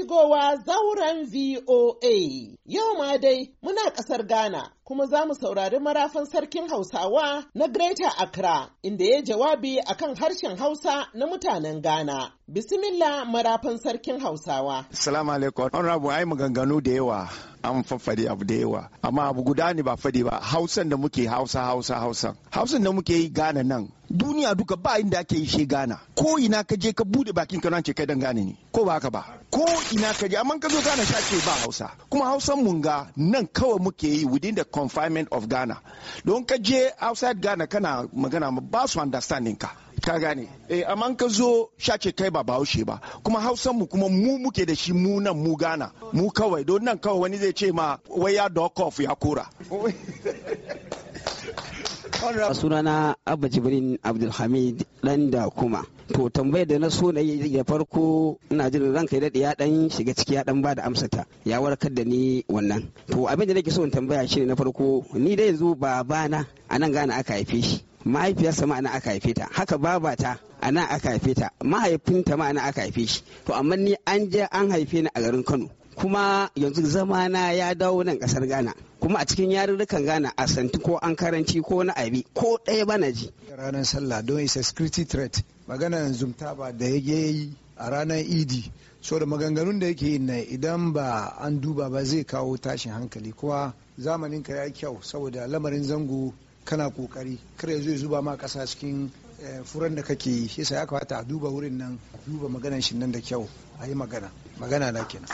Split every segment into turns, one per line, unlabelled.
shigowa zauren VOA. Yau ma dai muna ƙasar Ghana kuma za mu saurari marafan sarkin Hausawa na Greater Accra inda ya jawabi akan harshen Hausa na mutanen Ghana. Bismillah marafan sarkin Hausawa.
Salamu alaikum. rabu ai maganganu da yawa an faffade abu da yawa amma abu guda ne ba fadi ba Hausan da muke Hausa Hausa Hausan. Hausan da muke yi Ghana nan duniya duka ba inda ake yi shi gana ko ina ka je ka bude bakin ka nan ce kai dan ne ko ba haka ba ko ina ka je amma ka zo gana sha ce ba Hausa kuma Hausan mun ga nan kawai muke yi within the confinement of Ghana don ka je outside Ghana kana magana ma ba su understanding ka ka gane eh amma ka zo shace kai ba bahaushe ba kuma hausan mu kuma mu muke da shi mu nan mu gana mu kawai don nan kawai wani zai ce ma wai ya dog off ya kora A sunana abba jibrin abdulhamid dan da kuma to tambayar da na so na yi da farko ina jin ranka ya daɗe ya dan shiga ciki ya dan ba da amsa ta ya warkar da ni wannan to abin da nake so in tambaya shi ne na farko ni da yanzu babana
a nan gana aka haife shi mahaifiyarsa ma ana aka haife ta haka babata nan aka haife ta mahaifinta ma aka haife shi to amma ni an je an haife ni a garin Kano kuma yanzu zama na ya dawo nan kasar ghana kuma a cikin yarurrukan ghana a santi ko an karanci ko na abi ko ɗaya bana ji ranar sallah don isa security threat magana zumta ba da ya yi a ranar idi so da maganganun da yake yin nan idan ba an duba ba zai kawo tashin hankali kuma zamanin ka ya kyau saboda lamarin zango kana kokari kare zai zuba ma kasa cikin eh, furan da kake yi shi ya kamata a duba wurin nan duba maganan shi nan da kyau a yi magana magana na kenan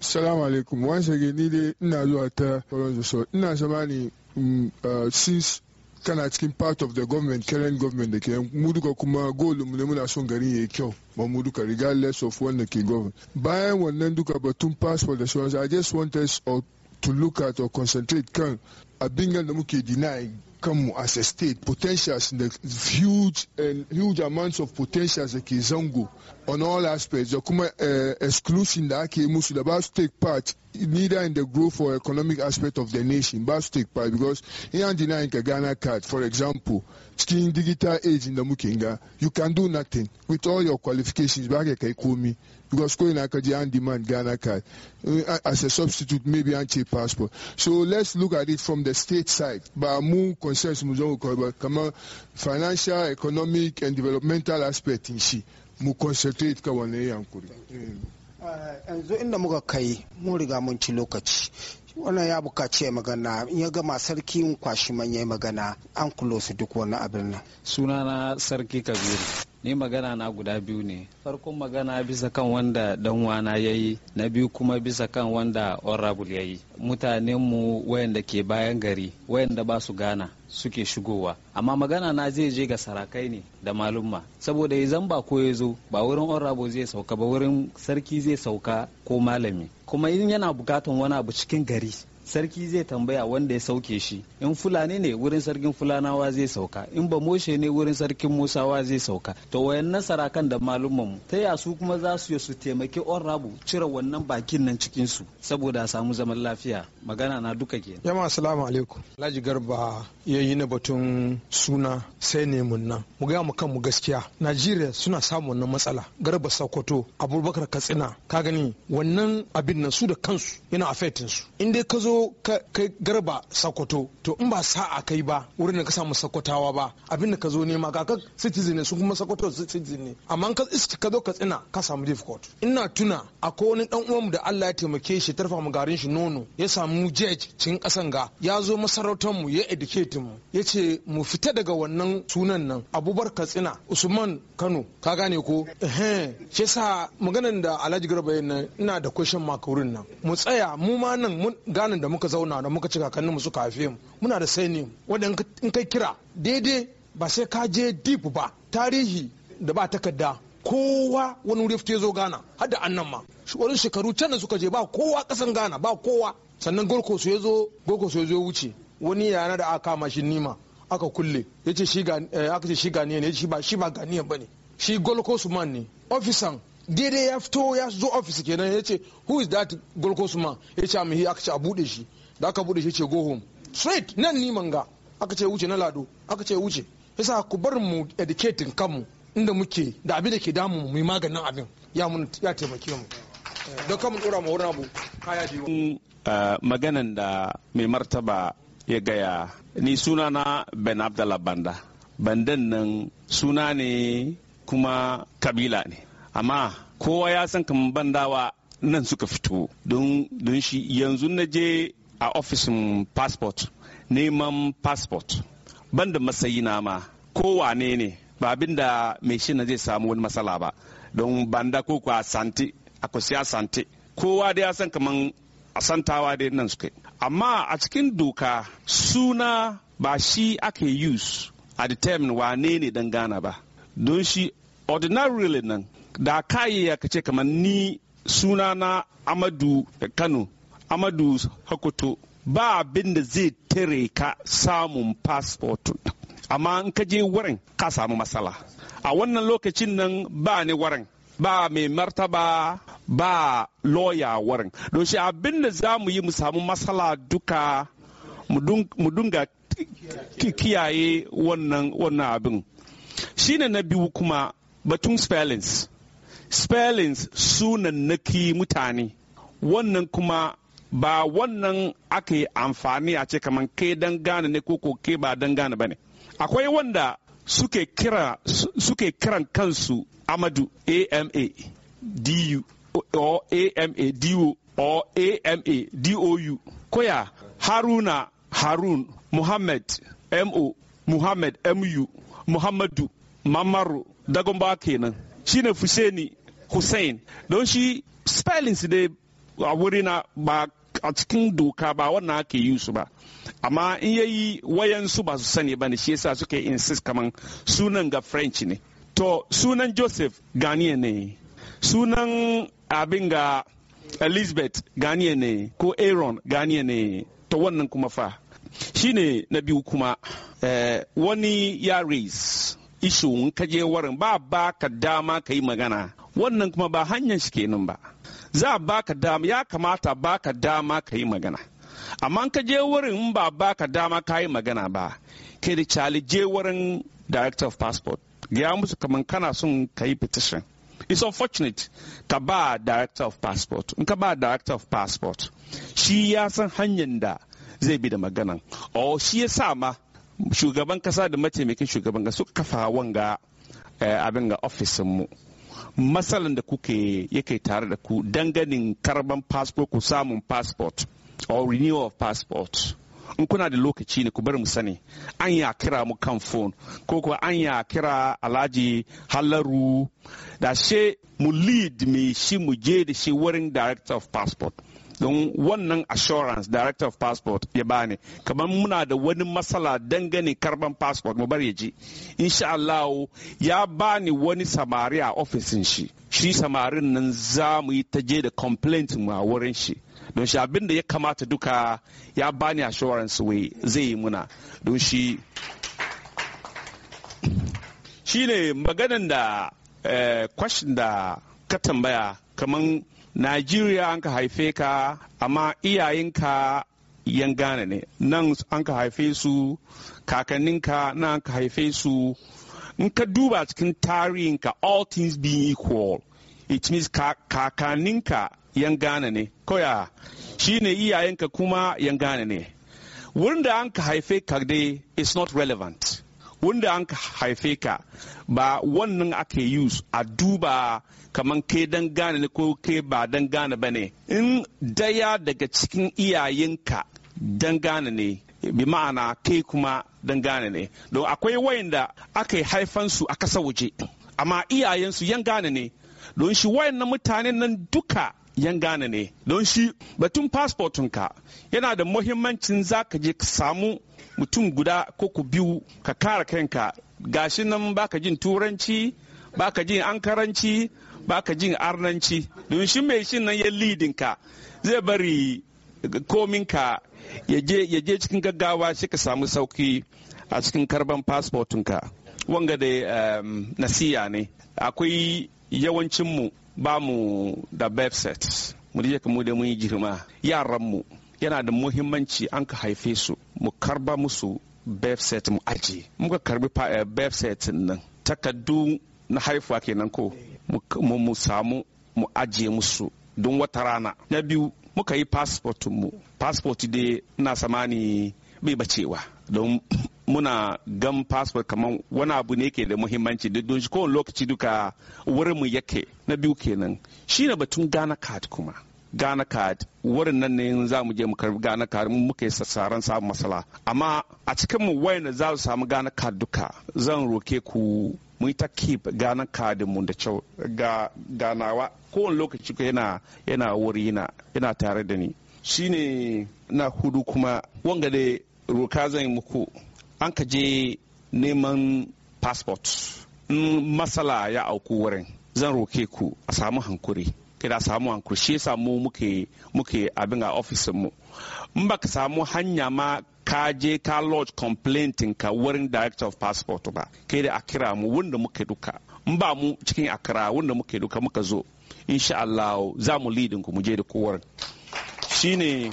Salamu alaikum, once again ni dai ina zuwa ta Toronto so ina zama ne mm, uh, since kana cikin part of the government current government da ke mu duka kuma goal mu ne muna son garin yayi kyau ba mu duka regardless of wanda ke govern bayan wannan duka batun passport da sauransu i just want us to look at or concentrate kan abin da muke denying kanmu as a state potentials da huge and huge amounts of potentials da ke zango on all aspects da kuma eh, exclusion da ake musu da ba su take part neither in the growth or economic aspect of the nation, but stick by because in Andina in Ghana card, for example, skin digital age in the Mukinga, you can do nothing with all your qualifications back at Kaikumi. Because going Akaji and demand Ghana card uh, as a substitute, maybe anti passport. So let's look at it from the state side. But moon concerns financial, economic, and developmental aspect in she. Mu concentrate kawane yankuri. Eh, yanzu inda muka kai mun riga mun ci lokaci wannan
ya bukaci ya magana in ya gama sarki kwashi manya magana an kulo su duk wani abin nan
sunana sarki kabiru ni magana na guda biyu ne farkon magana bisa kan wanda dan wana ya yi na biyu kuma bisa kan wanda honorable ya yi mutanenmu wayanda ke bayan gari wayanda ba su gana suke shigowa amma magana na zai je ga sarakai ne da malumma saboda idan ba ko ya zo ba wurin honorable zai sauka ba wurin sarki zai sauka ko malami kuma in yana bukatan wani abu cikin gari sarki zai tambaya wanda ya sauke shi in fulani ne wurin sarkin fulanawa zai sauka in ba moshe ne wurin sarkin musawa zai sauka to nasara kan da mu ta ya su kuma za su su taimaki on rabu cire wannan bakin nan cikin su saboda a samu zaman lafiya magana
na duka ke yamma assalamu alaikum alhaji garba ya yi na batun suna sai ne mun nan mu ga mu kanmu gaskiya najeriya suna samun wannan matsala garba sokoto abubakar katsina ka gani wannan abin nan su da kansu yana affecting su in dai ka zo Ka kai garba sakoto to in ba sa'a kai ba wurin da ka samu sakotawa ba abin da ka zo nema ga citizen ne su kuma sakoto citizen ne amma ka iska ka zo ka tsina ka samu difficult ina tuna akwai wani dan uwanmu da Allah ya taimake shi tarfa mu garin shi nono ya samu jej cin kasan ga ya zo masarautar mu ya educate mu ya ce mu fita daga wannan sunan nan Abubakar Katsina Usman Kano ka gane ko eh shi sa maganar da Alhaji Garba yana ina da question mark wurin nan mu tsaya mu ma nan mun gane da da muka zauna da muka ci mu suka haife mu muna da sani wanda in kai kira daidai ba sai ka je deep ba tarihi da ba takarda kowa wani wuri ya zo gana har da annan ma wani shekaru can da suka je ba kowa kasan gana ba kowa sannan gorko su ya zo gorko su ya zo wuce wani yana da aka kama shi nima aka kulle yace shi ga eh, aka ce shi ganiya shi ba shi ba ne shi gorko su man ne ofisan daidai ya fito ya zo ofis kenan ya ce who is that golkosuma ya ce amihi ah, aka ce a bude shi da aka bude shi ce go home straight nan ni manga aka ce wuce na lado aka ce wuce sa ku bar mu educating kanmu inda muke da abin da ke damu mu maganin abin ya mun ya taimake mu don kan mu dora mu wurin abu kaya
eh, maganan da mai martaba ya gaya ni suna na Ben Abdallah Banda bandan nan suna ne kuma kabila ne amma kowa ya san kamar bandawa nan suka fito don shi yanzu na je a ofishin passport neman passport banda masayi na ma kowane ne ba abin da mai shi na zai samu wani matsala ba don banda ko ku asante akwai sante kowa da ya san a santawa da nan suka amma a cikin doka suna ba shi ake use a determine wane ne don gana ba don shi ordinarily nan da kayi ya kace kamar ni sunana amadu kano amadu hakuto ba abin da zai tare ka samun fasfot amma in ka je wurin ka samu matsala a wannan lokacin nan ba ni wurin ba mai martaba ba lawyer wurin don shi abin da za mu yi mu samu matsala duka mu dunga kiyaye wannan abin shine na biyu kuma batun spellings spellings sunannaki mutane wannan kuma ba wannan aka yi amfani a ce kamar ke don gane ne ko ke ba don gane ba ne akwai wanda suke kiran kansu amadu ama du or ama or ama dou koya haruna harun muhammad mo muhammad mu muhammadu mamaru ba kenan shine fuseni hussein don shi spellings dai a na ba a cikin doka ba wannan ake yi su ba amma in yayi su ba su sani ba ne shi yasa suke insist kaman sunan ga french ne to sunan joseph ganiya ne sunan abin ga elizabeth ganiya ne ko aaron ganiya ne to wannan kuma fa shine na biyu kuma eh, wani ya raise ishu in ka je warin ba ba ka dama ka yi magana wannan kuma ba hanyar shi kenan ba za baka dama ya kamata baka dama ka yi magana amma ka je wurin in ba baka dama ka yi magana ba kai da cali je wurin director of passport ya musu kamar kana son ka yi petition it's unfortunate ka ba director of passport in ka ba director of passport shi ya san hanyar da zai bi da magana o oh, shi ya sa ma shugaban kasa da mataimakin shugaban ga suka kafa wanga eh, abin ga ofisin mu matsalan da kuke yake tare da ku danganin karban passport ku samun passport or renewal of passport in kuna da lokaci ne ku bari mu sani an ya kira mu kan phone ko kuwa an ya kira alhaji halaru da she mu lead me shi mu je da shi wurin director of passport don wannan assurance director of passport ya bani kamar muna da wani matsala dangane karban passport mu bar ya ji sha Allah ya bani wani samari a ofishin shi shi samarin nan za mu yi ta je da complaint mu a wurin shi don shi abin da ya kamata duka ya bani assurance wai zai yi muna don shi shine maganan da eh, question da ka tambaya kaman Najeriya an ka haife ka amma iyayenka yan gane ne nan an ka haife su kakanninka nan an ka haife su in ka duba cikin tarihinka all things being equal it means kakanninka yan gane ne koya shi ne iyayenka kuma yan gane ne wurin da an ka haife ka dai is not relevant wanda an haife ka ba wannan ake use a duba kamar ke dan gane ne ko ke ba dan gane ba ne in daya daga cikin iyayenka dan gane ne bi ma'ana ke kuma dan gane ne don akwai wayanda aka haifansu a kasa waje amma iyayensu yan gane ne don shi mutane mutanen nan duka yan Ghana ne don shi batun fasfotinka yana da muhimmancin za ka je ka samu mutum guda ko ku biyu ka kare kanka gashi nan baka jin turanci baka jin ankaranci baka jin arnanci don shi mai shi nan ya lidin ka zai bari kominka ya je cikin gaggawa shi ka samu sauki a cikin karban fasfotinka wanga da ehm, nasiya ne akwai yawancinmu ba mu da bebset mu da mu da mun yi girma yaranmu yana da muhimmanci an ka haife su mu karba musu bebset mu aji muka karbi bebset eh, nan takardu na haifuwa kenan ko mu samu mu ajiye musu don wata rana na biyu muka yi passport mu passport dai na samani bai bacewa don muna gan passport kamar wani abu ne ke da muhimmanci duk don shi kowane lokaci duka wurin mu yake na biyu kenan shi shine batun Ghana card kuma Ghana card wurin nan ne za mu je mu karbi Ghana card mu muke sassaran samun matsala amma a cikin mu da za su samu Ghana card duka zan roke ku mun ta keep Ghana card mu da kyau ga ganawa kowane lokaci yana yana wuri yana yana tare da ni shine na hudu kuma wanga da roka zan yi muku an ka je neman passport in masala ya auku wurin zan roke ku a samu hankuri kada samu hankuri shi samu muke muke abin a ofisin mu in ka samu hanya ma ka je ka lodge complaintin ka wurin director of passport ba kai da a kira mu wanda muke duka in ba mu cikin akira wanda muke duka muka zo insha Allah za mu lidin ku mu je da kowar shine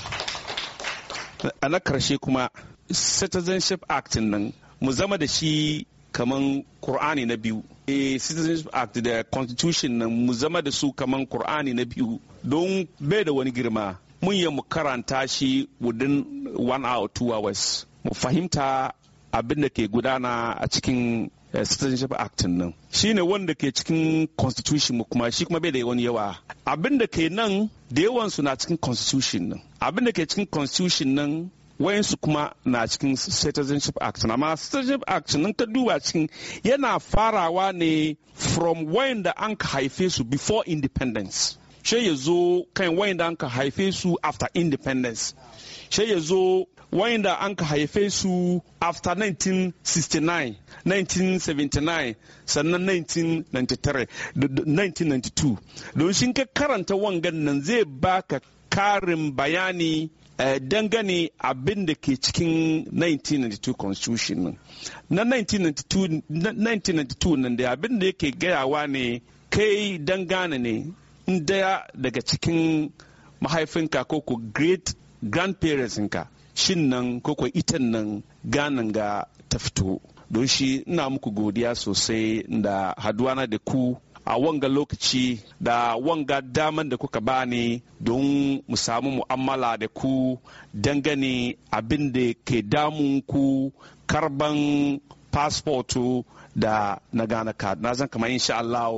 a na karshe kuma citizenship act nan mu zama da shi kamar Kur'ani na biyu. E Citizenship Act da Constitution nan mu zama da su kamar Kur'ani na biyu don bai da wani girma. Mun yi mu karanta shi within one hour two hours. Mu fahimta abin da ke gudana a cikin eh, Citizenship Act nan. Shi ne wanda ke cikin Constitution mu kuma shi kuma bai da wani yawa. Abin da ke nan da yawan su na cikin Constitution nan. Abin da ke cikin Constitution nan wayansu kuma na cikin citizenship act amma citizenship act nan ka duba cikin yana farawa ne from da an ka haife su before independence shi ya zo kan wayanda an ka haife su after independence shi ya zo wayanda an ka haife su after 1969 1979 sannan 1993 1992 don shi ka karanta wangan nan zai baka karin bayani Eh, dangane abin da ke cikin 1992 constitution nan na 1992 nan da abin da yake gayawa ne kai dangane ne daya daga cikin mahaifinka ko ko great grandparents ka shin nan ko ko itan nan ganin ga ta fito don shi ina muku godiya sosai da haduwana da ku a wanga lokaci da wanga daman da kuka bani don mu samu mu'amala da ku dangane abin da ke damun ku karban fasfoto da na gane ka na zan kamar insha Allah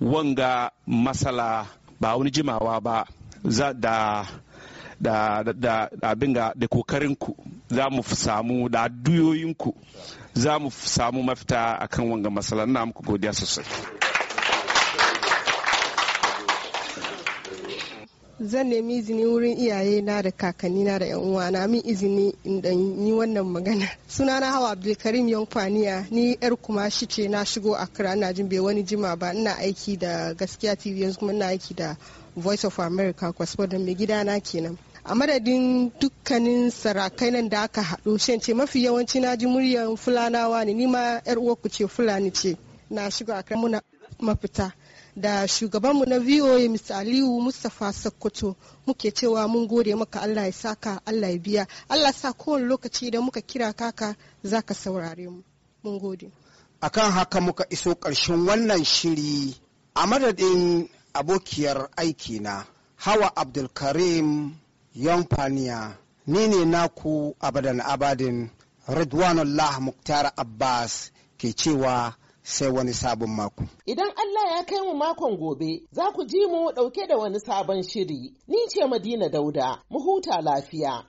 wanga masala ba wani jimawa ba za da da da abin ga da kokarinku za mu samu da duyoyinku za mu samu mafita akan wanga masala na muku godiya sosai zan nemi izini wurin iyaye na da kakanni na da yan uwana min izini in dan yi wannan magana Suna sunana hawa abdulkarim kwaniya ni yar kuma shi ce na shigo accra ina jin bai wani jima ba ina aiki da gaskiya tv yanzu kuma ina aiki da voice of america kwasfo mai gida na kenan a madadin dukkanin sarakai nan da aka haɗu ce mafi yawanci na ji muryan fulanawa ne ni ma yar ku ce fulani ce na shigo accra muna mafita da shugabanmu na VOA Mr. Aliyu Mustapha Sokoto muke cewa mun gode maka Allah ya saka Allah ya biya Allah sa kowane lokaci da muka kira kaka za saurare mu mun gode akan
haka muka iso ƙarshen wannan shiri a madadin abokiyar aiki na, hawa abdulkarim yamfaniya ni ne naku abadan abadin ridwanullah muktar abbas ke cewa sai wani sabon mako. Idan Allah ya kai mu makon gobe, za ku ji mu ɗauke da wani sabon shiri. Ni ce Madina Dauda, mu huta lafiya.